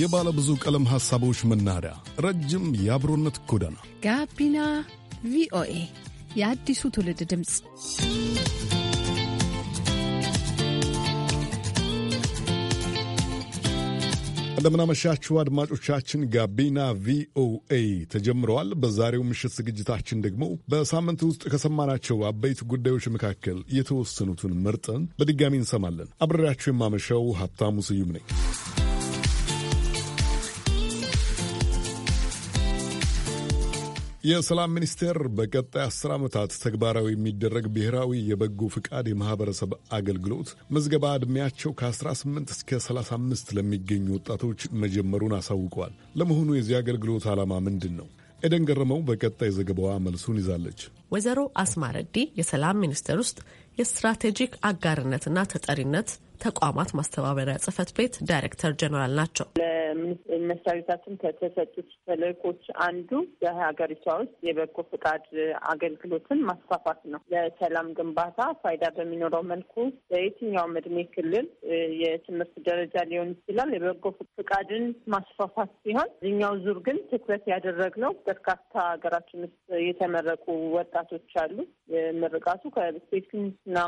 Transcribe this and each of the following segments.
የባለ ብዙ ቀለም ሐሳቦች መናኸሪያ፣ ረጅም የአብሮነት ጎዳና ጋቢና ቪኦኤ የአዲሱ ትውልድ ድምፅ። እንደምናመሻችሁ አድማጮቻችን፣ ጋቢና ቪኦኤ ተጀምረዋል። በዛሬው ምሽት ዝግጅታችን ደግሞ በሳምንት ውስጥ ከሰማናቸው አበይት ጉዳዮች መካከል የተወሰኑትን መርጠን በድጋሚ እንሰማለን። አብሬያችሁ የማመሻው ሀብታሙ ስዩም ነኝ። የሰላም ሚኒስቴር በቀጣይ አስር ዓመታት ተግባራዊ የሚደረግ ብሔራዊ የበጎ ፍቃድ የማህበረሰብ አገልግሎት ምዝገባ ዕድሜያቸው ከ18 እስከ 35 ለሚገኙ ወጣቶች መጀመሩን አሳውቀዋል። ለመሆኑ የዚህ አገልግሎት ዓላማ ምንድን ነው? ኤደን ገረመው በቀጣይ ዘገባዋ መልሱን ይዛለች። ወይዘሮ አስማረዲ የሰላም ሚኒስቴር ውስጥ የስትራቴጂክ አጋርነትና ተጠሪነት ተቋማት ማስተባበሪያ ጽህፈት ቤት ዳይሬክተር ጀኔራል ናቸው። ለመስሪያ ቤታችን ከተሰጡት ተልእኮች አንዱ በሀገሪቷ ውስጥ የበጎ ፍቃድ አገልግሎትን ማስፋፋት ነው። ለሰላም ግንባታ ፋይዳ በሚኖረው መልኩ በየትኛውም እድሜ ክልል፣ የትምህርት ደረጃ ሊሆን ይችላል የበጎ ፍቃድን ማስፋፋት ሲሆን እኛው ዙር ግን ትኩረት ያደረግነው በርካታ ሀገራችን ውስጥ የተመረቁ ወጣቶች አሉ። ምርቃቱ ከሴት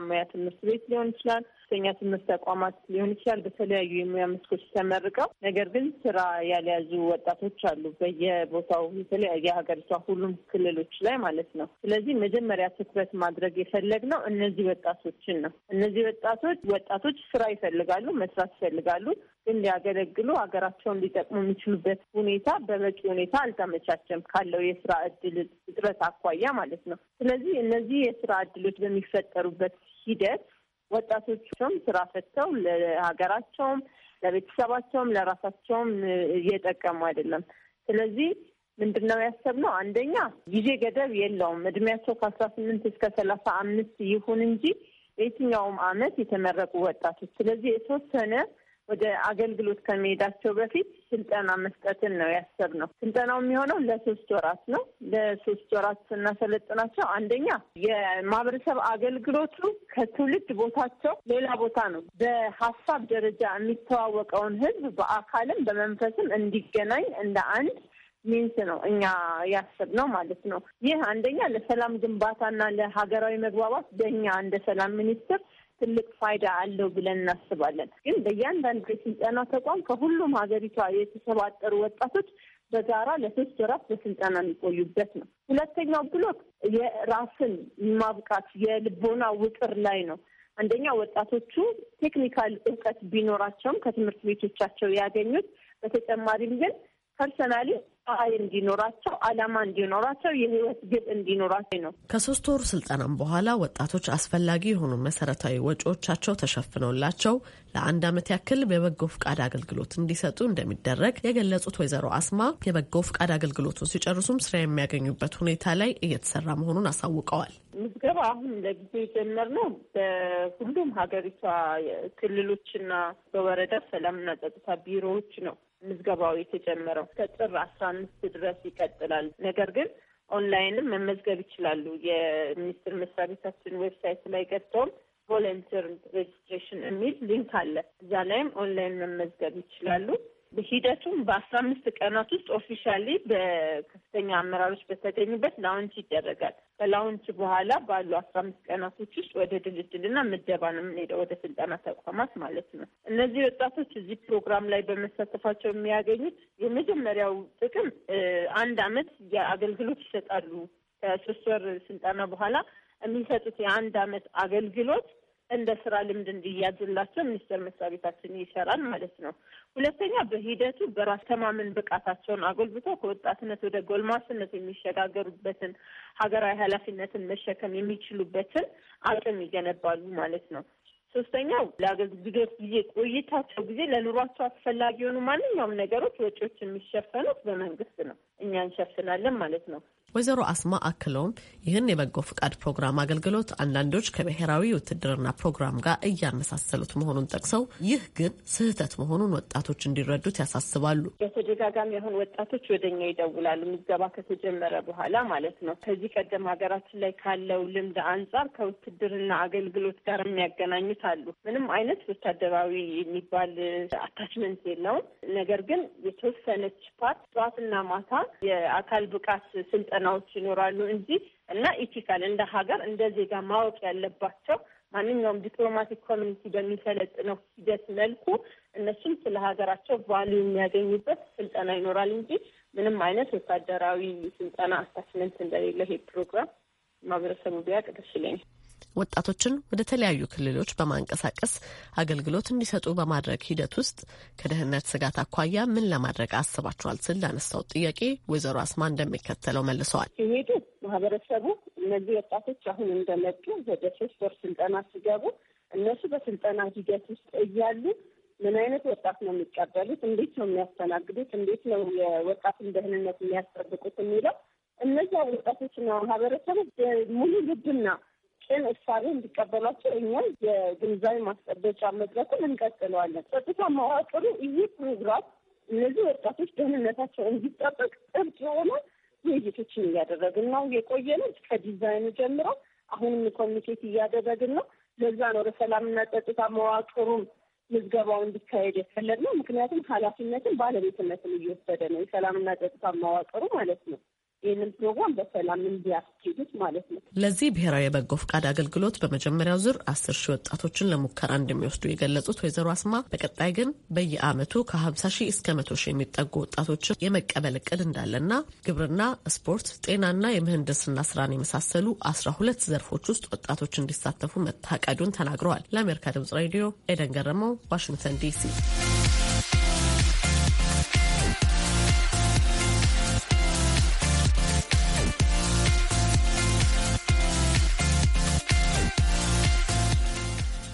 ሙያ ትምህርት ቤት ሊሆን ይችላል ከፍተኛ ትምህርት ተቋማት ሊሆን ይችላል በተለያዩ የሙያ መስኮች ተመርቀው ነገር ግን ስራ ያልያዙ ወጣቶች አሉ በየቦታው የተለያየ ሀገሪቷ ሁሉም ክልሎች ላይ ማለት ነው። ስለዚህ መጀመሪያ ትኩረት ማድረግ የፈለግነው እነዚህ ወጣቶችን ነው። እነዚህ ወጣቶች ወጣቶች ስራ ይፈልጋሉ፣ መስራት ይፈልጋሉ፣ ግን ሊያገለግሉ ሀገራቸውን ሊጠቅሙ የሚችሉበት ሁኔታ በበቂ ሁኔታ አልተመቻቸም ካለው የስራ እድል እጥረት አኳያ ማለት ነው። ስለዚህ እነዚህ የስራ እድሎች በሚፈጠሩበት ሂደት ወጣቶቹም ስራ ፈተው ለሀገራቸውም፣ ለቤተሰባቸውም፣ ለራሳቸውም እየጠቀሙ አይደለም። ስለዚህ ምንድን ነው ያሰብነው? አንደኛ ጊዜ ገደብ የለውም። እድሜያቸው ከአስራ ስምንት እስከ ሰላሳ አምስት ይሁን እንጂ በየትኛውም አመት የተመረቁ ወጣቶች። ስለዚህ የተወሰነ ወደ አገልግሎት ከመሄዳቸው በፊት ስልጠና መስጠትን ነው ያሰብነው። ስልጠናው የሚሆነው ለሶስት ወራት ነው። ለሶስት ወራት ስናሰለጥናቸው አንደኛ የማህበረሰብ አገልግሎቱ ከትውልድ ቦታቸው ሌላ ቦታ ነው። በሀሳብ ደረጃ የሚተዋወቀውን ህዝብ በአካልም በመንፈስም እንዲገናኝ እንደ አንድ ሚንስ ነው እኛ ያሰብነው ማለት ነው። ይህ አንደኛ ለሰላም ግንባታና ለሀገራዊ መግባባት በእኛ እንደ ሰላም ሚኒስትር ትልቅ ፋይዳ አለው ብለን እናስባለን። ግን በእያንዳንዱ የስልጠና ተቋም ከሁሉም ሀገሪቷ የተሰባጠሩ ወጣቶች በጋራ ለሶስት ወራት በስልጠና የሚቆዩበት ነው። ሁለተኛው ብሎክ የራስን ማብቃት የልቦና ውቅር ላይ ነው። አንደኛ ወጣቶቹ ቴክኒካል እውቀት ቢኖራቸውም ከትምህርት ቤቶቻቸው ያገኙት፣ በተጨማሪም ግን ፐርሰናሊ ጸሀይ እንዲኖራቸው አላማ እንዲኖራቸው የህይወት ግብ እንዲኖራቸው ነው። ከሶስት ወር ስልጠናም በኋላ ወጣቶች አስፈላጊ የሆኑ መሰረታዊ ወጪዎቻቸው ተሸፍነውላቸው ለአንድ ዓመት ያክል በበጎ ፍቃድ አገልግሎት እንዲሰጡ እንደሚደረግ የገለጹት ወይዘሮ አስማ የበጎ ፍቃድ አገልግሎቱን ሲጨርሱም ስራ የሚያገኙበት ሁኔታ ላይ እየተሰራ መሆኑን አሳውቀዋል። ምዝገባ አሁን ለጊዜ የጀመርነው በሁሉም ሀገሪቷ ክልሎችና በወረዳ ሰላምና ጸጥታ ቢሮዎች ነው ምዝገባው የተጀመረው ከጥር አስራ አምስት ድረስ ይቀጥላል። ነገር ግን ኦንላይንም መመዝገብ ይችላሉ። የሚኒስቴር መስሪያ ቤታችን ዌብሳይት ላይ ገብተውም ቮለንቲር ሬጅስትሬሽን የሚል ሊንክ አለ። እዛ ላይም ኦንላይን መመዝገብ ይችላሉ። ሂደቱም በአስራ አምስት ቀናት ውስጥ ኦፊሻሊ በከፍተኛ አመራሮች በተገኙበት ላውንች ይደረጋል። ከላውንች በኋላ ባሉ አስራ አምስት ቀናቶች ውስጥ ወደ ድልድልና ምደባ ነው የምንሄደው፣ ወደ ስልጠና ተቋማት ማለት ነው። እነዚህ ወጣቶች እዚህ ፕሮግራም ላይ በመሳተፋቸው የሚያገኙት የመጀመሪያው ጥቅም አንድ አመት የአገልግሎት ይሰጣሉ። ከሶስት ወር ስልጠና በኋላ የሚሰጡት የአንድ አመት አገልግሎት እንደ ስራ ልምድ እንዲያዝላቸው ሚኒስቴር መስሪያ ቤታችን ይሰራል ማለት ነው። ሁለተኛ በሂደቱ በራስ ተማምን ብቃታቸውን አጎልብቶ ከወጣትነት ወደ ጎልማስነት የሚሸጋገሩበትን ሀገራዊ ኃላፊነትን መሸከም የሚችሉበትን አቅም ይገነባሉ ማለት ነው። ሶስተኛው ለአገልግሎት ጊዜ ቆይታቸው ጊዜ ለኑሯቸው አስፈላጊ የሆኑ ማንኛውም ነገሮች ወጪዎች የሚሸፈኑት በመንግስት ነው፣ እኛ እንሸፍናለን ማለት ነው። ወይዘሮ አስማ አክለውም ይህን የበጎ ፍቃድ ፕሮግራም አገልግሎት አንዳንዶች ከብሔራዊ ውትድርና ፕሮግራም ጋር እያመሳሰሉት መሆኑን ጠቅሰው ይህ ግን ስህተት መሆኑን ወጣቶች እንዲረዱት ያሳስባሉ። በተደጋጋሚ አሁን ወጣቶች ወደኛ ይደውላሉ፣ ምዝገባ ከተጀመረ በኋላ ማለት ነው። ከዚህ ቀደም ሀገራችን ላይ ካለው ልምድ አንጻር ከውትድርና አገልግሎት ጋር የሚያገናኙት አሉ። ምንም አይነት ወታደራዊ የሚባል አታችመንት የለውም። ነገር ግን የተወሰነች ፓርት ጠዋትና ማታ የአካል ብቃት ስልጠ ፈተናዎች ይኖራሉ እንጂ እና ኢቲካል እንደ ሀገር እንደ ዜጋ ማወቅ ያለባቸው ማንኛውም ዲፕሎማቲክ ኮሚኒቲ በሚሰለጥነው ሂደት መልኩ እነሱም ስለ ሀገራቸው ቫሊዩ የሚያገኙበት ስልጠና ይኖራል እንጂ ምንም አይነት ወታደራዊ ስልጠና አታችመንት እንደሌለ ይሄ ፕሮግራም ማህበረሰቡ ቢያቅ ደስ ይለኛል። ወጣቶችን ወደ ተለያዩ ክልሎች በማንቀሳቀስ አገልግሎት እንዲሰጡ በማድረግ ሂደት ውስጥ ከደህንነት ስጋት አኳያ ምን ለማድረግ አስባችኋል? ስል ላነሳው ጥያቄ ወይዘሮ አስማ እንደሚከተለው መልሰዋል። ሲሄዱ ማህበረሰቡ እነዚህ ወጣቶች አሁን እንደመጡ ወደ ሶስት ወር ስልጠና ሲገቡ እነሱ በስልጠና ሂደት ውስጥ እያሉ ምን አይነት ወጣት ነው የሚቀበሉት? እንዴት ነው የሚያስተናግዱት? እንዴት ነው የወጣትን ደህንነት የሚያስጠብቁት? የሚለው እነዚያ ወጣቶችና ማህበረሰቡ ሙሉ ልብና ግን እሳቤ እንዲቀበሏቸው እኛ የግንዛቤ ማስጠበጫ መድረኩን እንቀጥለዋለን። ጸጥታ መዋቅሩ ይህ ፕሮግራም እነዚህ ወጣቶች ደህንነታቸው እንዲጠበቅ ጥብቅ የሆነ ውይይቶችን እያደረግን ነው የቆየነው። ከዲዛይኑ ጀምሮ አሁንም ኮሚኒኬት እያደረግን ነው። ለዛ ነው ለሰላምና ጸጥታ መዋቅሩን ምዝገባው እንዲካሄድ የፈለግነው። ምክንያቱም ኃላፊነትን ባለቤትነትን እየወሰደ ነው የሰላምና ጸጥታ መዋቅሩ ማለት ነው። ይህንን ፕሮግራም በሰላም እንዲያስኬዱት ማለት ነው። ለዚህ ብሔራዊ የበጎ ፍቃድ አገልግሎት በመጀመሪያው ዙር አስር ሺህ ወጣቶችን ለሙከራ እንደሚወስዱ የገለጹት ወይዘሮ አስማ በቀጣይ ግን በየአመቱ ከሀምሳ ሺህ እስከ መቶ ሺህ የሚጠጉ ወጣቶችን የመቀበል እቅድ እንዳለና ግብርና፣ ስፖርት፣ ጤናና የምህንድስና ስራን የመሳሰሉ አስራ ሁለት ዘርፎች ውስጥ ወጣቶች እንዲሳተፉ መታቀዱን ተናግረዋል። ለአሜሪካ ድምጽ ሬዲዮ ኤደን ገረመው ዋሽንግተን ዲሲ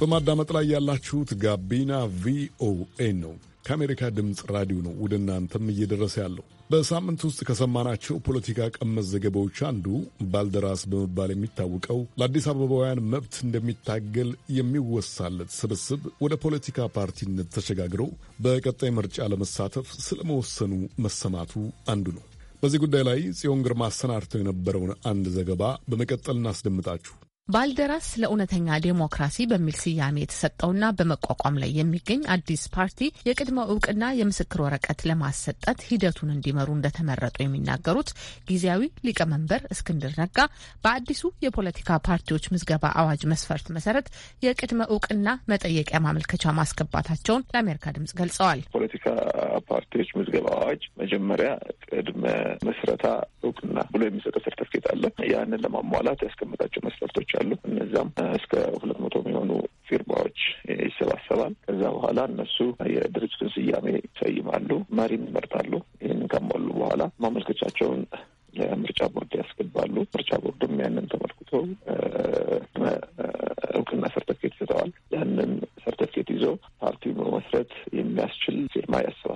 በማዳመጥ ላይ ያላችሁት ጋቢና ቪኦኤ ነው። ከአሜሪካ ድምፅ ራዲዮ ነው ወደ እናንተም እየደረሰ ያለው። በሳምንት ውስጥ ከሰማናቸው ፖለቲካ ቀመስ ዘገባዎች አንዱ ባልደራስ በመባል የሚታወቀው ለአዲስ አበባውያን መብት እንደሚታገል የሚወሳለት ስብስብ ወደ ፖለቲካ ፓርቲነት ተሸጋግሮ በቀጣይ ምርጫ ለመሳተፍ ስለመወሰኑ መሰማቱ አንዱ ነው። በዚህ ጉዳይ ላይ ጽዮን ግርማ አሰናድተው የነበረውን አንድ ዘገባ በመቀጠል እናስደምጣችሁ። ባልደራስ ለእውነተኛ ዴሞክራሲ በሚል ስያሜ የተሰጠውና በመቋቋም ላይ የሚገኝ አዲስ ፓርቲ የቅድመ እውቅና የምስክር ወረቀት ለማሰጠት ሂደቱን እንዲመሩ እንደተመረጡ የሚናገሩት ጊዜያዊ ሊቀመንበር እስክንድር ነጋ በአዲሱ የፖለቲካ ፓርቲዎች ምዝገባ አዋጅ መስፈርት መሰረት የቅድመ እውቅና መጠየቂያ ማመልከቻ ማስገባታቸውን ለአሜሪካ ድምጽ ገልጸዋል። ፖለቲካ ፓርቲዎች ምዝገባ አዋጅ መጀመሪያ ቅድመ ምስረታ እውቅና ብሎ የሚሰጠው ሰርተፍኬት አለ። ያንን ለማሟላት ያስቀምጣቸው መስፈርቶች አሉ። እነዛም እስከ ሁለት መቶ የሚሆኑ ፊርማዎች ይሰባሰባል። ከዛ በኋላ እነሱ የድርጅቱን ስያሜ ይሰይማሉ፣ መሪም ይመርጣሉ። ይህንን ከሞሉ በኋላ ማመልከቻቸውን ለምርጫ ቦርድ ያስገባሉ። ምርጫ ቦርድም ያንን ተመልክቶ እውቅና ሰርተፊኬት ይሰጠዋል። ያንን ሰርተፊኬት ይዞ ፓርቲውን መመስረት የሚያስችል ፊርማ ያስባል።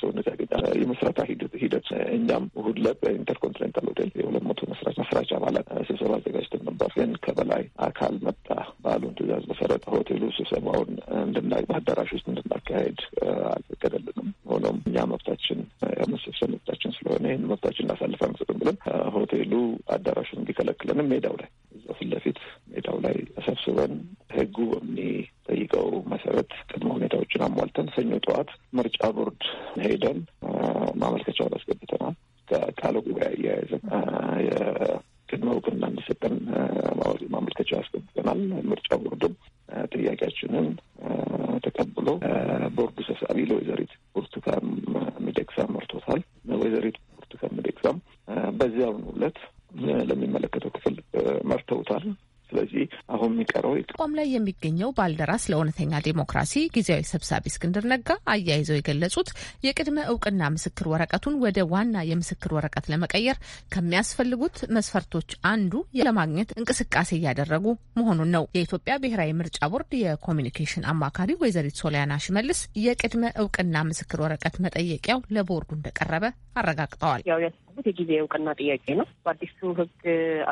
ሰውነት ያገኛ የመስራታ ሂደት እኛም እሑድ ዕለት በኢንተርኮንቲኔንታል ሆቴል የሁለት መቶ መስራች መስራች አባላት ስብሰባ አዘጋጅተን ነበር። ግን ከበላይ አካል መጣ ባሉን ትእዛዝ መሰረት ሆቴሉ ስብሰባውን እንድና በአዳራሽ ውስጥ እንድናካሄድ አልፈቀደልንም። ሆኖም እኛ መብታችን መሰብሰብ መብታችን ስለሆነ ይህን መብታችን እናሳልፍ አንሰጥም ብለን ሆቴሉ አዳራሹን እንዲከለክለንም ሜዳው ላይ እዛው ፊት ለፊት ሜዳው ላይ ተሰብስበን ህጉ በሚጠይቀው መሰረት ቅድመ ሁኔታዎችን አሟልተን ሰኞ ጠዋት ምርጫ ቦርድ ሄደን ላይ የሚገኘው ባልደራስ ለእውነተኛ ዴሞክራሲ ጊዜያዊ ሰብሳቢ እስክንድር ነጋ አያይዘው የገለጹት የቅድመ እውቅና ምስክር ወረቀቱን ወደ ዋና የምስክር ወረቀት ለመቀየር ከሚያስፈልጉት መስፈርቶች አንዱ ለማግኘት እንቅስቃሴ እያደረጉ መሆኑን ነው። የኢትዮጵያ ብሔራዊ ምርጫ ቦርድ የኮሚኒኬሽን አማካሪ ወይዘሪት ሶሊያና ሽመልስ የቅድመ እውቅና ምስክር ወረቀት መጠየቂያው ለቦርዱ እንደቀረበ አረጋግጠዋል። ያቀረቡት የጊዜ እውቅና ጥያቄ ነው። በአዲሱ ህግ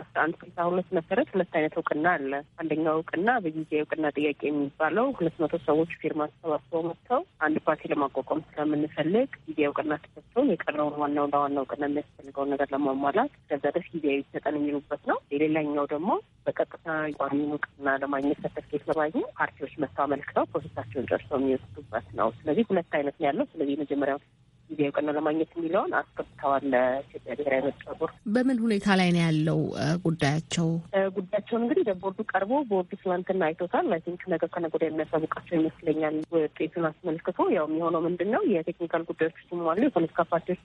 አስራ አንድ ስልሳ ሁለት መሰረት ሁለት አይነት እውቅና አለ። አንደኛው እውቅና በጊዜ እውቅና ጥያቄ የሚባለው ሁለት መቶ ሰዎች ፊርማ ተሰባስበው መጥተው አንድ ፓርቲ ለማቋቋም ስለምንፈልግ ጊዜ እውቅና ተሰጥቶ የቀረውን ዋናው ወደ ዋና እውቅና የሚያስፈልገውን ነገር ለማሟላት ከዛ ደስ ጊዜ ይሰጠን የሚሉበት ነው። የሌላኛው ደግሞ በቀጥታ ቋሚ እውቅና ለማግኘት ሰርተፍኬት ለማግኘት ፓርቲዎች መጥተው አመልክተው ፕሮሴሳቸውን ጨርሰው የሚወስዱበት ነው። ስለዚህ ሁለት አይነት ነው ያለው። ስለዚህ የመጀመሪያው ጊዜ እውቅና ለማግኘት የሚለውን አስገብተዋል። ለኢትዮጵያ ብሔራዊ ምርጫ ቦርድ በምን ሁኔታ ላይ ነው ያለው ጉዳያቸው? ጉዳያቸውን እንግዲህ ለቦርዱ ቀርቦ ቦርዱ ትናንትና አይቶታል። አይ ቲንክ ነገ ከነገ ወዲያ የሚያሳውቃቸው ይመስለኛል። ውጤቱን አስመልክቶ ያው የሚሆነው ምንድን ነው የቴክኒካል ጉዳዮች ሲሟሉ የፖለቲካ ፓርቲዎች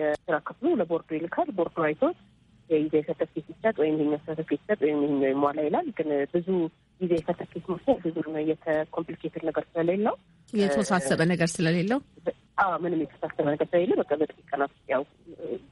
የስራ ክፍሉ ለቦርዱ ይልካል። ቦርዱ አይቶት የይዘ ሰርተፊኬት ይሰጥ ወይም ይህኛው ሰርተፊኬት ይሰጥ ወይም ይህኛው ይሟላ ይላል። ግን ብዙ ጊዜ የፈተኪት መስ ብዙ የተኮምፕሊኬትድ ነገር ስለሌለው የተወሳሰበ ነገር ስለሌለው ምንም የተሳሰበ ነገር ስለሌለ በቃ በጥቂት ቀናት ያው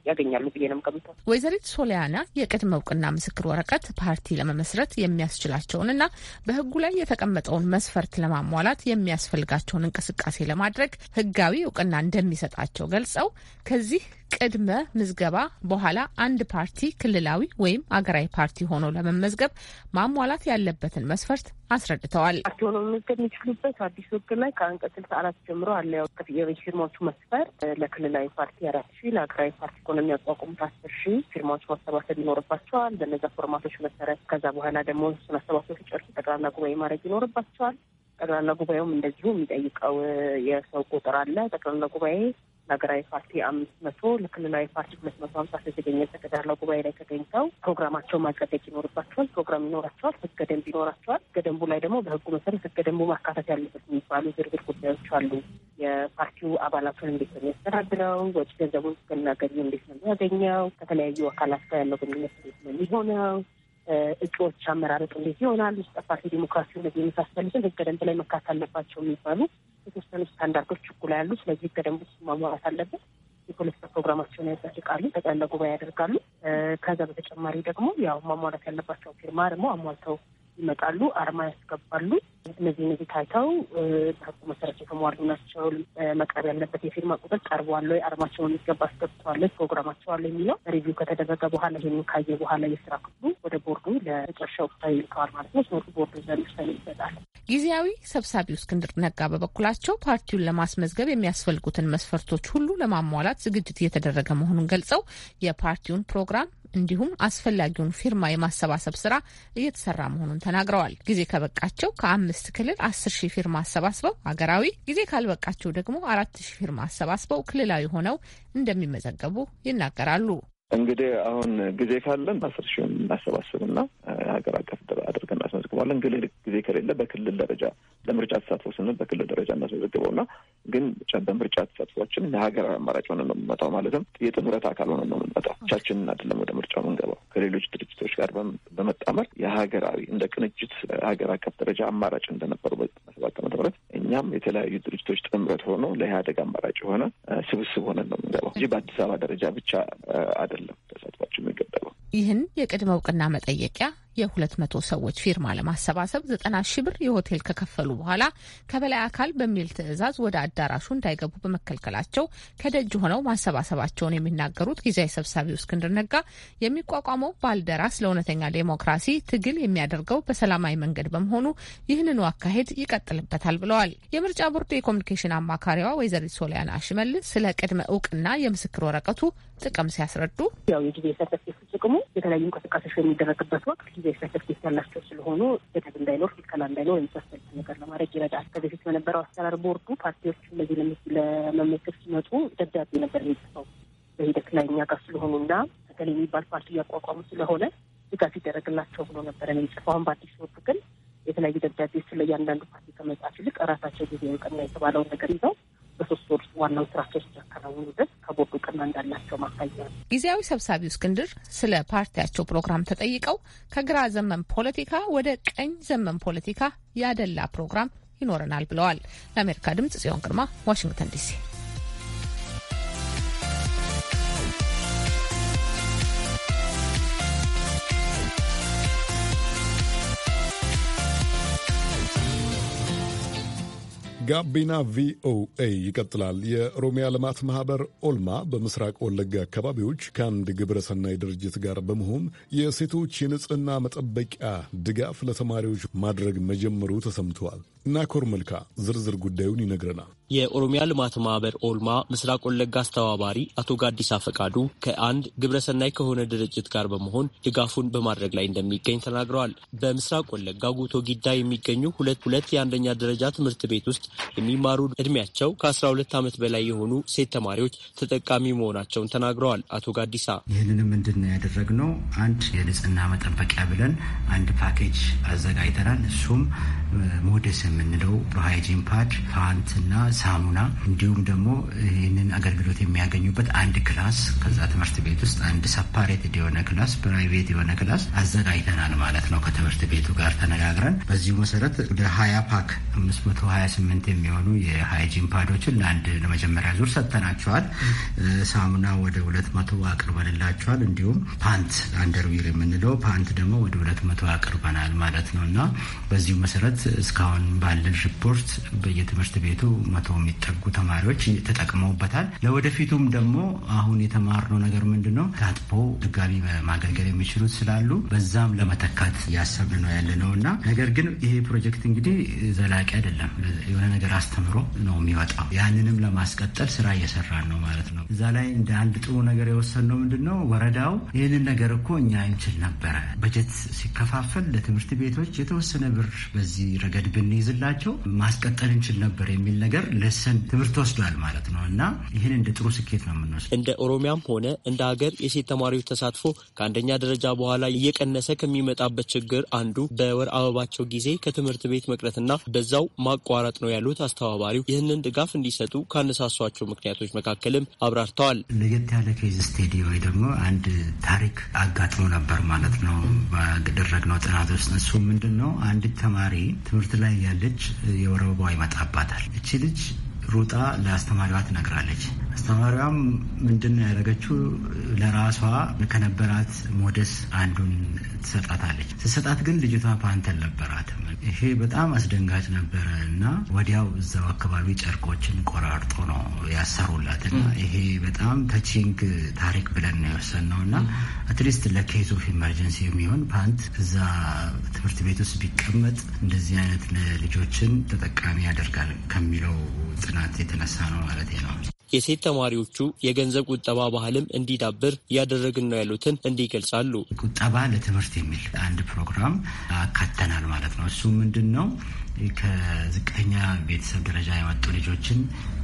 ያገኛሉ ብዬ ነው የምገምተው። ወይዘሪት ሶሊያና የቅድመ እውቅና ምስክር ወረቀት ፓርቲ ለመመስረት የሚያስችላቸውንና በህጉ ላይ የተቀመጠውን መስፈርት ለማሟላት የሚያስፈልጋቸውን እንቅስቃሴ ለማድረግ ህጋዊ እውቅና እንደሚሰጣቸው ገልጸው ከዚህ ቅድመ ምዝገባ በኋላ አንድ ፓርቲ ክልላዊ ወይም አገራዊ ፓርቲ ሆኖ ለመመዝገብ ማሟላት ያለበትን መስፈርት አስረድተዋል። ሆኖ መመዝገብ የሚችሉበት አዲስ ህግ ላይ ከአንቀጽ ስልሳ አራት ጀምሮ አለ። ያው የፊርማዎቹ መስፈርት ለክልላዊ ፓርቲ አራት ሺ ለሀገራዊ ፓርቲ ኢኮኖሚ አቋቁሙት አስር ሺ ፊርማዎች ማሰባሰብ ይኖርባቸዋል። በነዛ ፎርማቶች መሰረት ከዛ በኋላ ደግሞ እሱን አሰባሰብ ሲጨርሱ ጠቅላላ ጉባኤ ማድረግ ይኖርባቸዋል። ጠቅላላ ጉባኤውም እንደዚሁ የሚጠይቀው የሰው ቁጥር አለ። ጠቅላላ ጉባኤ ለሀገራዊ ፓርቲ አምስት መቶ ለክልላዊ ፓርቲ ሁለት መቶ ሀምሳ የተገኘ ጠቅላላ ጉባኤ ላይ ተገኝተው ፕሮግራማቸውን ማጸደቅ ይኖርባቸዋል። ፕሮግራም ይኖራቸዋል። ህገ ደንብ ይኖራቸዋል። ህገ ደንቡ ላይ ደግሞ በህጉ መሰረት ህገ ደንቡ ማካተት ያለበት የሚባሉ ዝርዝር ጉዳዮች አሉ። የፓርቲው አባላቱን እንዴት ነው የሚያስተዳድረው? ወጪ ገንዘቡን ገና እንዴት ነው የሚያገኘው? ከተለያዩ አካላት ጋር ያለው ግንኙነት እንዴት ነው የሚሆነው? እጩዎች አመራረጥ እንዴት ይሆናል? ውስጥ ፓርቲ ዲሞክራሲ እንደዚህ የመሳሰሉትን ህገ ደንብ ላይ መካት አለባቸው የሚባሉ የተወሰኑ ስታንዳርዶች እኩል ያሉ፣ ስለዚህ ህገ ደንቡ ማሟላት አለበት። የፖለቲካ ፕሮግራማቸውን ያጸድቃሉ፣ ጠቅላላ ጉባኤ ያደርጋሉ። ከዛ በተጨማሪ ደግሞ ያው ማሟላት ያለባቸው ፊርማ ደግሞ አሟልተው ይመጣሉ፣ አርማ ያስገባሉ። እነዚህ እነዚህ ታይተው በህጉ መሰረት የተሟሉ ናቸው። መቅረብ ያለበት የፊርማ ቁጥር ቀርቧል ወይ፣ አርማቸውን ይገባ አስገብተዋል፣ ፕሮግራማቸው አለ የሚለው ሪቪው ከተደረገ በኋላ ይህን ካየ በኋላ የስራ ክፍሉ ወደ ቦርዱ ለመጨረሻ ወቅታዊ ይልከዋል ማለት ነው። ቦርዱ ዘንድ ውሳኔ ይሰጣል። ጊዜያዊ ሰብሳቢው እስክንድር ነጋ በበኩላቸው ፓርቲውን ለማስመዝገብ የሚያስፈልጉትን መስፈርቶች ሁሉ ለማሟላት ዝግጅት እየተደረገ መሆኑን ገልጸው የፓርቲውን ፕሮግራም እንዲሁም አስፈላጊውን ፊርማ የማሰባሰብ ስራ እየተሰራ መሆኑን ተናግረዋል። ጊዜ ከበቃቸው ከአምስት ክልል አስር ሺህ ፊርማ አሰባስበው ሀገራዊ፣ ጊዜ ካልበቃቸው ደግሞ አራት ሺህ ፊርማ አሰባስበው ክልላዊ ሆነው እንደሚመዘገቡ ይናገራሉ። እንግዲህ አሁን ጊዜ ካለን አስር ሺውን እናሰባስብና ሀገር አቀፍ አድርገን እናስመዝግበዋለን። እንግዲህ ጊዜ ከሌለ በክልል ደረጃ ለምርጫ ተሳትፎ ስንል በክልል ደረጃ እናስመዘግበውና ግን በምርጫ ተሳትፏችን ለሀገር አማራጭ ሆነ ነው የምንመጣው። ማለትም የጥምረት አካል ሆነ ነው የምንመጣው። ብቻችንን አይደለም ወደ ምርጫው የምንገባው። ከሌሎች ድርጅቶች ጋር በመጣመር የሀገራዊ እንደ ቅንጅት ሀገር አቀፍ ደረጃ አማራጭ እንደነበሩ በሰባት ሰባት ዓመተ ምህረት እኛም የተለያዩ ድርጅቶች ጥምረት ሆኖ ለኢህአደግ አማራጭ የሆነ ስብስብ ሆነን ነው የምንገባው እንጂ በአዲስ አበባ ደረጃ ብቻ አይደለም ተሳትፏቸው የሚገደበው። ይህን የቅድመ እውቅና መጠየቂያ የ200 ሰዎች ፊርማ ለማሰባሰብ 90 ሺ ብር የሆቴል ከከፈሉ በኋላ ከበላይ አካል በሚል ትዕዛዝ ወደ አዳራሹ እንዳይገቡ በመከልከላቸው ከደጅ ሆነው ማሰባሰባቸውን የሚናገሩት ጊዜያዊ ሰብሳቢው እስክንድር ነጋ የሚቋቋመው ባልደራስ ለእውነተኛ ዴሞክራሲ ትግል የሚያደርገው በሰላማዊ መንገድ በመሆኑ ይህንኑ አካሄድ ይቀጥልበታል ብለዋል። የምርጫ ቦርድ የኮሚኒኬሽን አማካሪዋ ወይዘሪት ሶሊያና ሽመልስ ስለ ቅድመ እውቅና የምስክር ወረቀቱ ጥቅም ሲያስረዱ ያው የጊዜ ጥቅሙ የተለያዩ እንቅስቃሴዎች በሚደረግበት ወቅት ጊዜ ሰርተፍኬት ያላቸው ስለሆኑ ገደብ እንዳይኖር፣ ክልከላ እንዳይኖር የመሳሰሉት ነገር ለማድረግ ይረዳል። ከበፊት በነበረው አሰራር ቦርዱ ፓርቲዎች እነዚህ ለመመዝገብ ሲመጡ ደብዳቤ ነበር የሚጽፈው በሂደት ላይ እኛ ጋር ስለሆኑ እና በተለይ የሚባል ፓርቲ እያቋቋሙ ስለሆነ ድጋፍ ይደረግላቸው ብሎ ነበረ ነው የሚጽፈው። አሁን በአዲስ ወርዱ ግን የተለያዩ ደብዳቤ ስለ እያንዳንዱ ፓርቲ ከመጻፍ ይልቅ ራሳቸው ጊዜ ቀና የተባለውን ነገር ይዘው በሶስት ወር ዋናው ስራቸው ሲያከናውኑ ድረስ ከቦርዱ ቅና እንዳላቸው ማሳያ ነው። ጊዜያዊ ሰብሳቢ እስክንድር ስለ ፓርቲያቸው ፕሮግራም ተጠይቀው ከግራ ዘመን ፖለቲካ ወደ ቀኝ ዘመን ፖለቲካ ያደላ ፕሮግራም ይኖረናል ብለዋል። ለአሜሪካ ድምጽ ጽዮን ግርማ ዋሽንግተን ዲሲ ጋቢና ቪኦኤ ይቀጥላል። የኦሮሚያ ልማት ማህበር ኦልማ በምስራቅ ወለጋ አካባቢዎች ከአንድ ግብረሰናይ ድርጅት ጋር በመሆን የሴቶች የንጽህና መጠበቂያ ድጋፍ ለተማሪዎች ማድረግ መጀመሩ ተሰምተዋል። ናኮር መልካ ዝርዝር ጉዳዩን ይነግረናል። የኦሮሚያ ልማት ማህበር ኦልማ ምስራቅ ወለጋ አስተባባሪ አቶ ጋዲሳ ፈቃዱ ከአንድ ግብረሰናይ ከሆነ ድርጅት ጋር በመሆን ድጋፉን በማድረግ ላይ እንደሚገኝ ተናግረዋል። በምስራቅ ወለጋ ጉቶ ጊዳ የሚገኙ ሁለት ሁለት የአንደኛ ደረጃ ትምህርት ቤት ውስጥ የሚማሩ እድሜያቸው ከ12 ዓመት በላይ የሆኑ ሴት ተማሪዎች ተጠቃሚ መሆናቸውን ተናግረዋል። አቶ ጋዲሳ ይህንንም ምንድን ነው ያደረግነው? አንድ የንጽህና መጠበቂያ ብለን አንድ ፓኬጅ አዘጋጅተናል። እሱም ሞደስ የምንለው ሃይጂን ፓድ፣ ፋንትና ሳሙና እንዲሁም ደግሞ ይህንን አገልግሎት የሚያገኙበት አንድ ክላስ ከዛ ትምህርት ቤት ውስጥ አንድ ሰፓሬት የሆነ ክላስ ፕራይቬት የሆነ ክላስ አዘጋጅተናል ማለት ነው። ከትምህርት ቤቱ ጋር ተነጋግረን በዚሁ መሰረት ወደ ሀያ ፓክ አምስት መቶ ሀያ ስምንት ስምንት የሚሆኑ የሃይጂን ፓዶችን ለአንድ ለመጀመሪያ ዙር ሰጥተናቸዋል። ሳሙና ወደ ሁለት መቶ አቅርበንላቸዋል። እንዲሁም ፓንት አንደርዊር የምንለው ፓንት ደግሞ ወደ ሁለት መቶ አቅርበናል ማለት ነው እና በዚሁ መሰረት እስካሁን ባለን ሪፖርት በየትምህርት ቤቱ መቶ የሚጠጉ ተማሪዎች ተጠቅመውበታል። ለወደፊቱም ደግሞ አሁን የተማርነው ነገር ምንድን ነው ታጥቦ ድጋሚ ማገልገል የሚችሉት ስላሉ በዛም ለመተካት እያሰብን ነው ያለ ነው እና ነገር ግን ይሄ ፕሮጀክት እንግዲህ ዘላቂ አይደለም የሆነ ነገር አስተምሮ ነው የሚወጣው። ያንንም ለማስቀጠል ስራ እየሰራን ነው ማለት ነው። እዛ ላይ እንደ አንድ ጥሩ ነገር ነው ምንድን ነው፣ ወረዳው ይህንን ነገር እኮ እኛ እንችል ነበረ። በጀት ሲከፋፈል ለትምህርት ቤቶች የተወሰነ ብር በዚህ ረገድ ብንይዝላቸው ማስቀጠል እንችል ነበር የሚል ነገር ለሰን ትምህርት ወስዷል ማለት ነው። እና ይህን እንደ ጥሩ ስኬት ነው የምንወስደው። እንደ ኦሮሚያም ሆነ እንደ ሀገር የሴት ተማሪዎች ተሳትፎ ከአንደኛ ደረጃ በኋላ እየቀነሰ ከሚመጣበት ችግር አንዱ በወር አበባቸው ጊዜ ከትምህርት ቤት መቅረትና በዛው ማቋረጥ ነው። ያሉት አስተባባሪው ይህንን ድጋፍ እንዲሰጡ ካነሳሷቸው ምክንያቶች መካከልም አብራርተዋል። ለየት ያለ ኬዝ ስቴዲ ወይ ደግሞ አንድ ታሪክ አጋጥሞ ነበር ማለት ነው ባደረግነው ጥናት ውስጥ። እሱ ምንድን ነው? አንድ ተማሪ ትምህርት ላይ ያለች የወር አበባዋ ይመጣባታል። እቺ ልጅ ሩጣ ለአስተማሪዋ ትነግራለች። አስተማሪዋም ምንድነው ያደረገችው? ለራሷ ከነበራት ሞደስ አንዱን ትሰጣታለች። ስትሰጣት ግን ልጅቷ ፓንተን ነበራትም። ይሄ በጣም አስደንጋጭ ነበረ እና ወዲያው እዛው አካባቢ ጨርቆችን ቆራርጦ ነው ያሰሩላት እና ይሄ በጣም ተቺንግ ታሪክ ብለን ነው የወሰንነው እና አትሊስት ለኬዝ ኦፍ ኢመርጀንሲ የሚሆን ፓንት እዛ ትምህርት ቤት ውስጥ ቢቀመጥ እንደዚህ አይነት ልጆችን ተጠቃሚ ያደርጋል ከሚለው ጥናት የተነሳ ነው ማለት ነው። ተማሪዎቹ የገንዘብ ቁጠባ ባህልም እንዲዳብር እያደረግን ነው ያሉትን እንዲህ ይገልጻሉ። ቁጠባ ለትምህርት የሚል አንድ ፕሮግራም አካተናል ማለት ነው። እሱ ምንድን ነው ከዝቅተኛ ቤተሰብ ደረጃ የወጡ ልጆችን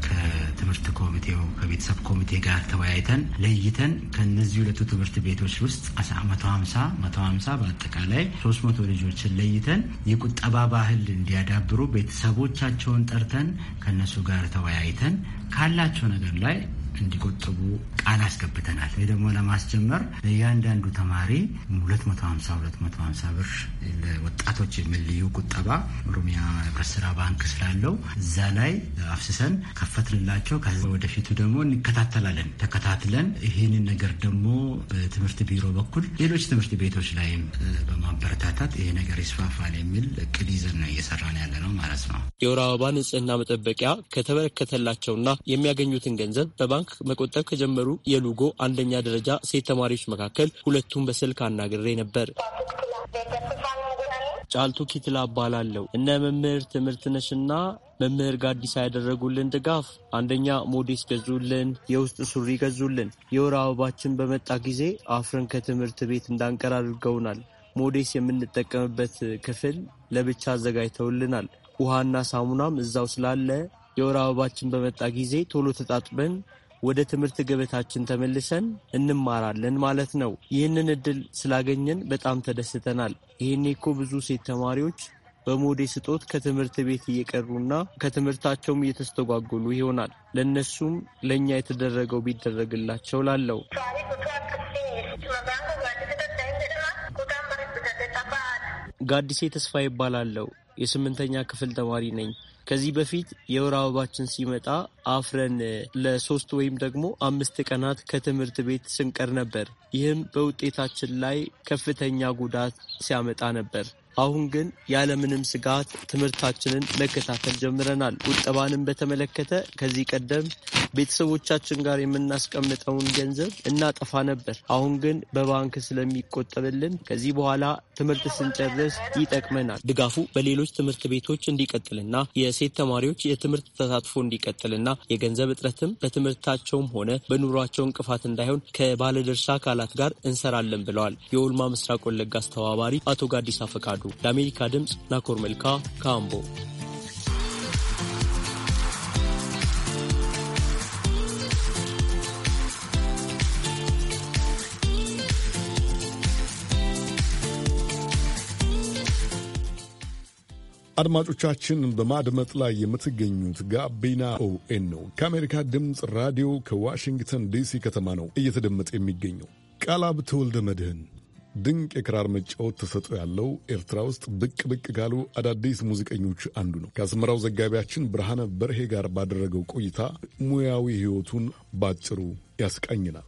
ከትምህርት ኮሚቴው ከቤተሰብ ኮሚቴ ጋር ተወያይተን ለይተን ከነዚህ ሁለቱ ትምህርት ቤቶች ውስጥ መቶ ሀምሳ መቶ ሀምሳ በአጠቃላይ ሶስት መቶ ልጆችን ለይተን የቁጠባ ባህል እንዲያዳብሩ ቤተሰቦቻቸውን ጠርተን ከነሱ ጋር ተወያይተን ካላቸው ነገር ላይ እንዲቆጥቡ ቃል አስገብተናል። ይህ ደግሞ ለማስጀመር ለእያንዳንዱ ተማሪ 250 250 ብር ለወጣቶች የሚል ልዩ ቁጠባ ኦሮሚያ ህብረት ስራ ባንክ ስላለው እዛ ላይ አፍስሰን ከፈትንላቸው። ወደፊቱ ደግሞ እንከታተላለን። ተከታትለን ይህንን ነገር ደግሞ በትምህርት ቢሮ በኩል ሌሎች ትምህርት ቤቶች ላይም በማበረታታት ይሄ ነገር ይስፋፋል የሚል እቅድ ይዘን ነው ነው ያለ ነው ማለት ነው። የወር አበባ ንጽህና መጠበቂያ ከተበረከተላቸውና የሚያገኙትን ገንዘብ በባንክ ባንክ መቆጠብ ከጀመሩ የሉጎ አንደኛ ደረጃ ሴት ተማሪዎች መካከል ሁለቱን በስልክ አናግሬ ነበር። ጫልቱ ኪትላ እባላለሁ። እነ መምህር ትምህርት ነሽና መምህር ጋዲሳ ያደረጉልን ድጋፍ አንደኛ ሞዴስ ገዙልን፣ የውስጥ ሱሪ ገዙልን። የወር አበባችን በመጣ ጊዜ አፍረን ከትምህርት ቤት እንዳንቀር አድርገውናል። ሞዴስ የምንጠቀምበት ክፍል ለብቻ አዘጋጅተውልናል። ውሃና ሳሙናም እዛው ስላለ የወር አበባችን በመጣ ጊዜ ቶሎ ተጣጥበን ወደ ትምህርት ገበታችን ተመልሰን እንማራለን ማለት ነው። ይህንን እድል ስላገኘን በጣም ተደስተናል። ይህኔ እኮ ብዙ ሴት ተማሪዎች በሞዴ ስጦት ከትምህርት ቤት እየቀሩና ከትምህርታቸውም እየተስተጓጎሉ ይሆናል። ለእነሱም ለእኛ የተደረገው ቢደረግላቸው ላለው ጋዲሴ ተስፋ ይባላለው። የስምንተኛ ክፍል ተማሪ ነኝ። ከዚህ በፊት የወር አበባችን ሲመጣ አፍረን ለሶስት ወይም ደግሞ አምስት ቀናት ከትምህርት ቤት ስንቀር ነበር። ይህም በውጤታችን ላይ ከፍተኛ ጉዳት ሲያመጣ ነበር። አሁን ግን ያለምንም ስጋት ትምህርታችንን መከታተል ጀምረናል። ቁጠባንም በተመለከተ ከዚህ ቀደም ቤተሰቦቻችን ጋር የምናስቀምጠውን ገንዘብ እናጠፋ ነበር። አሁን ግን በባንክ ስለሚቆጠብልን ከዚህ በኋላ ትምህርት ስንጨርስ ይጠቅመናል። ድጋፉ በሌሎች ትምህርት ቤቶች እንዲቀጥልና የሴት ተማሪዎች የትምህርት ተሳትፎ እንዲቀጥልና የገንዘብ እጥረትም በትምህርታቸውም ሆነ በኑሯቸው እንቅፋት እንዳይሆን ከባለድርሻ አካላት ጋር እንሰራለን ብለዋል የኦልማ ምስራቅ ወለጋ አስተባባሪ አቶ ጋዲሳ ፈቃዱ። ለአሜሪካ ድምፅ ናኮር መልካ ካምቦ አድማጮቻችን በማድመጥ ላይ የምትገኙት ጋቢና ኦኤን ነው። ከአሜሪካ ድምፅ ራዲዮ ከዋሽንግተን ዲሲ ከተማ ነው እየተደመጠ የሚገኘው። ቃላብ ተወልደ መድህን ድንቅ የክራር መጫወት ተሰጦ ያለው ኤርትራ ውስጥ ብቅ ብቅ ካሉ አዳዲስ ሙዚቀኞች አንዱ ነው። ከአስመራው ዘጋቢያችን ብርሃነ በርሄ ጋር ባደረገው ቆይታ ሙያዊ ሕይወቱን ባጭሩ ያስቃኝናል።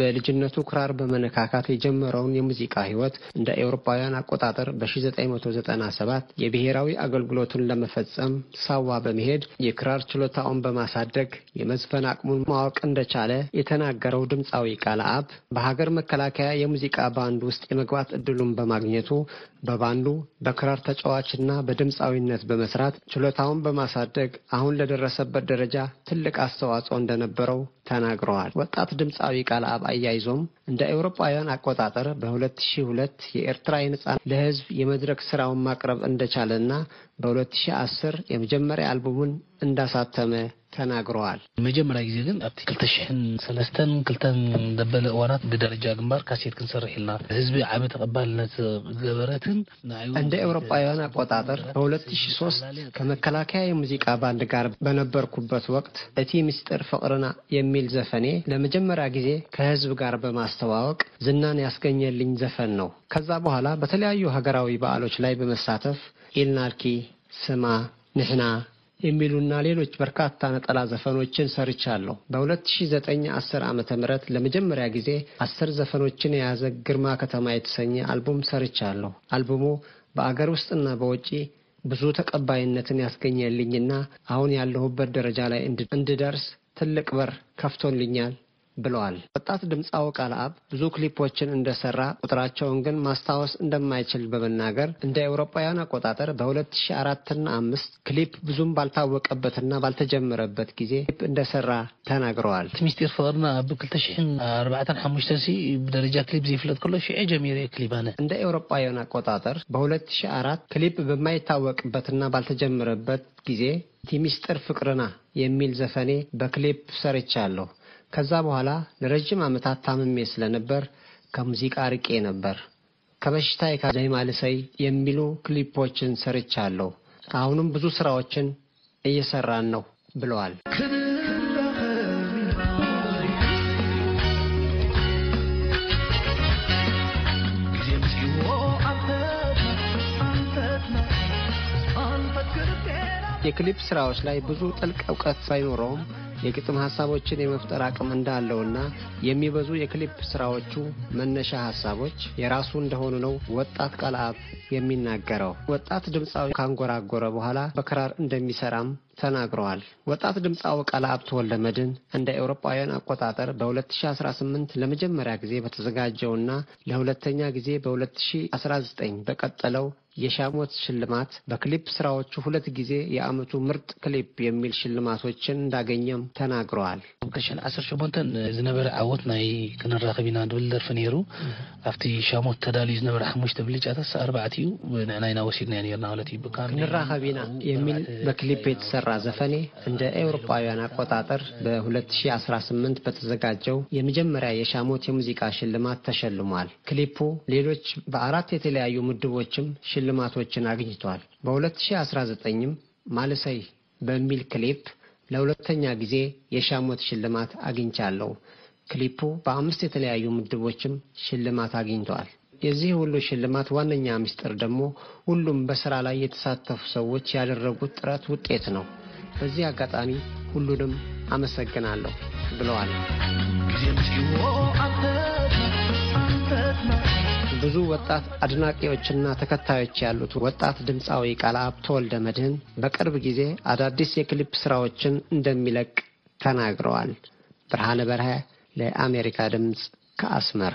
በልጅነቱ ክራር በመነካካት የጀመረውን የሙዚቃ ህይወት እንደ ኤውሮፓውያን አቆጣጠር በ1997 የብሔራዊ አገልግሎቱን ለመፈጸም ሳዋ በመሄድ የክራር ችሎታውን በማሳደግ የመዝፈን አቅሙን ማወቅ እንደቻለ የተናገረው ድምፃዊ ቃለአብ በሀገር መከላከያ የሙዚቃ ባንድ ውስጥ የመግባት እድሉን በማግኘቱ በባንዱ በክራር ተጫዋችና በድምፃዊነት በመስራት ችሎታውን በማሳደግ አሁን ለደረሰበት ደረጃ ትልቅ አስተዋጽኦ እንደነበረው ተናግረዋል። ወጣት ድምፃዊ አብ አያይዞም እንደ አውሮፓውያን አቆጣጠር በ2002 የኤርትራ የነጻ ለህዝብ የመድረክ ስራውን ማቅረብ እንደቻለና በ2010 የመጀመሪያ አልቡሙን እንዳሳተመ ተናግረዋል። መጀመሪያ ጊዜ ግን ኣብቲ ክልተ ሽሕን ሰለስተን ክልተን ደበለ እዋናት ብደረጃ ግንባር ካሴት ክንሰርሕ ኢልና ህዝቢ ዓብ ተቐባልነት ዝገበረትን እንደ ኤውሮጳውያን ኣቆጣጠር አቆጣጠር በ ሶስት ከመከላከያ የሙዚቃ ባንድ ጋር በነበርኩበት ወቅት እቲ ምስጢር ፍቅርና የሚል ዘፈኔ ለመጀመሪያ ጊዜ ከህዝብ ጋር በማስተዋወቅ ዝናን ያስገኘልኝ ዘፈን ነው። ከዛ በኋላ በተለያዩ ሀገራዊ በዓሎች ላይ በመሳተፍ ኢልናልኪ ስማ ንሕና የሚሉና ሌሎች በርካታ ነጠላ ዘፈኖችን ሰርቻለሁ። በ2009 10 ዓ ም ለመጀመሪያ ጊዜ አስር ዘፈኖችን የያዘ ግርማ ከተማ የተሰኘ አልቡም ሰርቻለሁ። አልቡሙ በአገር ውስጥና በውጪ ብዙ ተቀባይነትን ያስገኘልኝና አሁን ያለሁበት ደረጃ ላይ እንድደርስ ትልቅ በር ከፍቶልኛል ብለዋል። ወጣት ድምፃዊ አብ ብዙ ክሊፖችን እንደሰራ ቁጥራቸውን ግን ማስታወስ እንደማይችል በመናገር እንደ አውሮፓውያን አቆጣጠር በ2004ና አምስት ክሊፕ ብዙም ባልታወቀበትና ባልተጀመረበት ጊዜ ክሊፕ እንደሰራ ተናግረዋል። እቲ ሚስጢር ፍቅርና ብ2004 ብደረጃ ክሊፕ ዘይፍለጥ ከሎ ሽዑ ጀሚረ ክሊፕ ኣነ እንደ አውሮፓውያን አቆጣጠር በ2004 ክሊፕ በማይታወቅበትና ባልተጀመረበት ጊዜ እቲ ሚስጢር ፍቅርና የሚል ዘፈኔ በክሊፕ ሰርቻለሁ። ከዛ በኋላ ለረጅም ዓመታት ታምሜ ስለነበር ከሙዚቃ ርቄ ነበር። ከበሽታ የካዘኝ ማልሰይ የሚሉ ክሊፖችን ሰርቻለሁ። አሁንም ብዙ ስራዎችን እየሰራን ነው ብለዋል። የክሊፕ ስራዎች ላይ ብዙ ጥልቅ እውቀት ባይኖረውም የግጥም ሀሳቦችን የመፍጠር አቅም እንዳለውና የሚበዙ የክሊፕ ስራዎቹ መነሻ ሀሳቦች የራሱ እንደሆኑ ነው ወጣት ቃልአብ የሚናገረው። ወጣት ድምፃዊ ካንጎራጎረ በኋላ በክራር እንደሚሰራም ተናግረዋል። ወጣት ድምፃዊ ቃለሀብት ወልደመድን እንደ ኤውሮፓውያን አቆጣጠር በ2018 ለመጀመሪያ ጊዜ በተዘጋጀውና ለሁለተኛ ጊዜ በ2019 በቀጠለው የሻሞት ሽልማት በክሊፕ ስራዎቹ ሁለት ጊዜ የአመቱ ምርጥ ክሊፕ የሚል ሽልማቶችን እንዳገኘም ተናግረዋል። 2018 ዝነበረ ዓወት ናይ ክንራኸብ ኢና ንብል ደርፊ ነይሩ ኣብቲ ሻሞት ተዳልዩ ዝነበረ ሓሙሽተ ብልጫታት ኣርባዕት እዩ ንዕና ኢና ወሲድና ነርና ማለት እዩ ክንራኸብ ኢና የሚል በክሊፕ የተሰራ ተፈራ ዘፈኔ እንደ ኤውሮፓውያን አቆጣጠር በ2018 በተዘጋጀው የመጀመሪያ የሻሞት የሙዚቃ ሽልማት ተሸልሟል። ክሊፑ ሌሎች በአራት የተለያዩ ምድቦችም ሽልማቶችን አግኝቷል። በ2019ም ማልሰይ በሚል ክሊፕ ለሁለተኛ ጊዜ የሻሞት ሽልማት አግኝቻለሁ። ክሊፑ በአምስት የተለያዩ ምድቦችም ሽልማት አግኝቷል። የዚህ ሁሉ ሽልማት ዋነኛ ምስጢር ደግሞ ሁሉም በስራ ላይ የተሳተፉ ሰዎች ያደረጉት ጥረት ውጤት ነው። በዚህ አጋጣሚ ሁሉንም አመሰግናለሁ ብለዋል። ብዙ ወጣት አድናቂዎችና ተከታዮች ያሉት ወጣት ድምፃዊ ቃለአብ ተወልደ መድህን በቅርብ ጊዜ አዳዲስ የክሊፕ ስራዎችን እንደሚለቅ ተናግረዋል። ብርሃነ በርሀ ለአሜሪካ ድምፅ ከአስመራ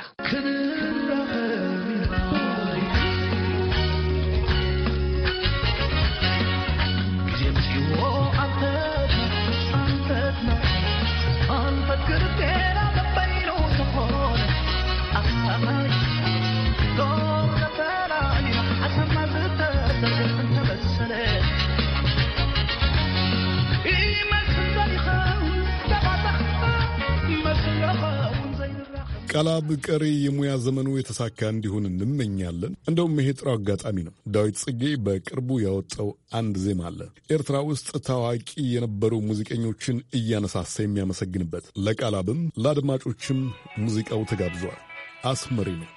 ቃላብ ቀሪ የሙያ ዘመኑ የተሳካ እንዲሆን እንመኛለን። እንደውም ይሄ ጥሩ አጋጣሚ ነው። ዳዊት ጽጌ በቅርቡ ያወጣው አንድ ዜማ አለ ኤርትራ ውስጥ ታዋቂ የነበሩ ሙዚቀኞችን እያነሳሳ የሚያመሰግንበት። ለቃላብም ለአድማጮችም ሙዚቃው ተጋብዟል። አስመሪ ነው።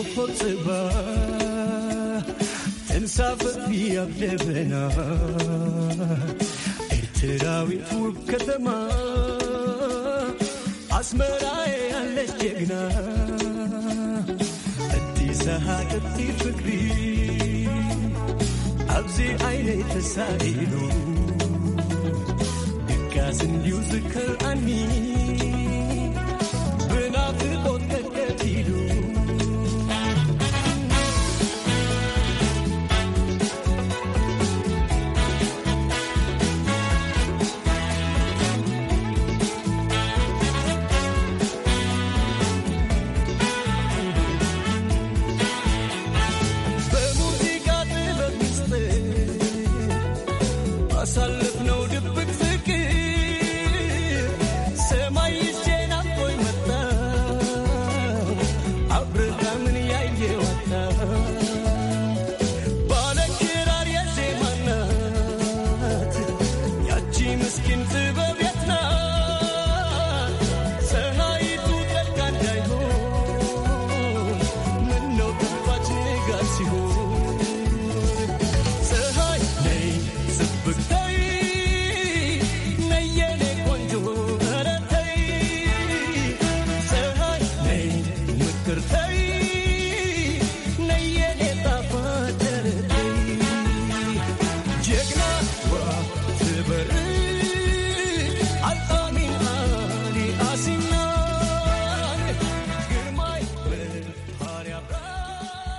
kokotseba ተንሳፈፊ ኣብ ደበና ኤርትራዊቱ ከተማ ኣስመራዬ ኣለች ጀግና እቲ ሰሃቅ እቲ ፍቅሪ ኣብዚ ዓይነይ ተሳኢሉ ድጋስ እንዲዩ ዝከርአኒ ብናፍቆት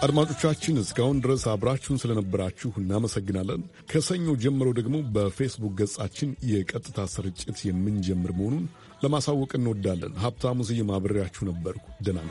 አድማጮቻችን እስካሁን ድረስ አብራችሁን ስለነበራችሁ እናመሰግናለን። ከሰኞ ጀምሮ ደግሞ በፌስቡክ ገጻችን የቀጥታ ስርጭት የምንጀምር መሆኑን ለማሳወቅ እንወዳለን። ሀብታሙ ስዩም አብሬያችሁ ነበርኩ። ደህና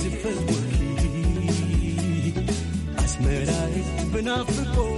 It's a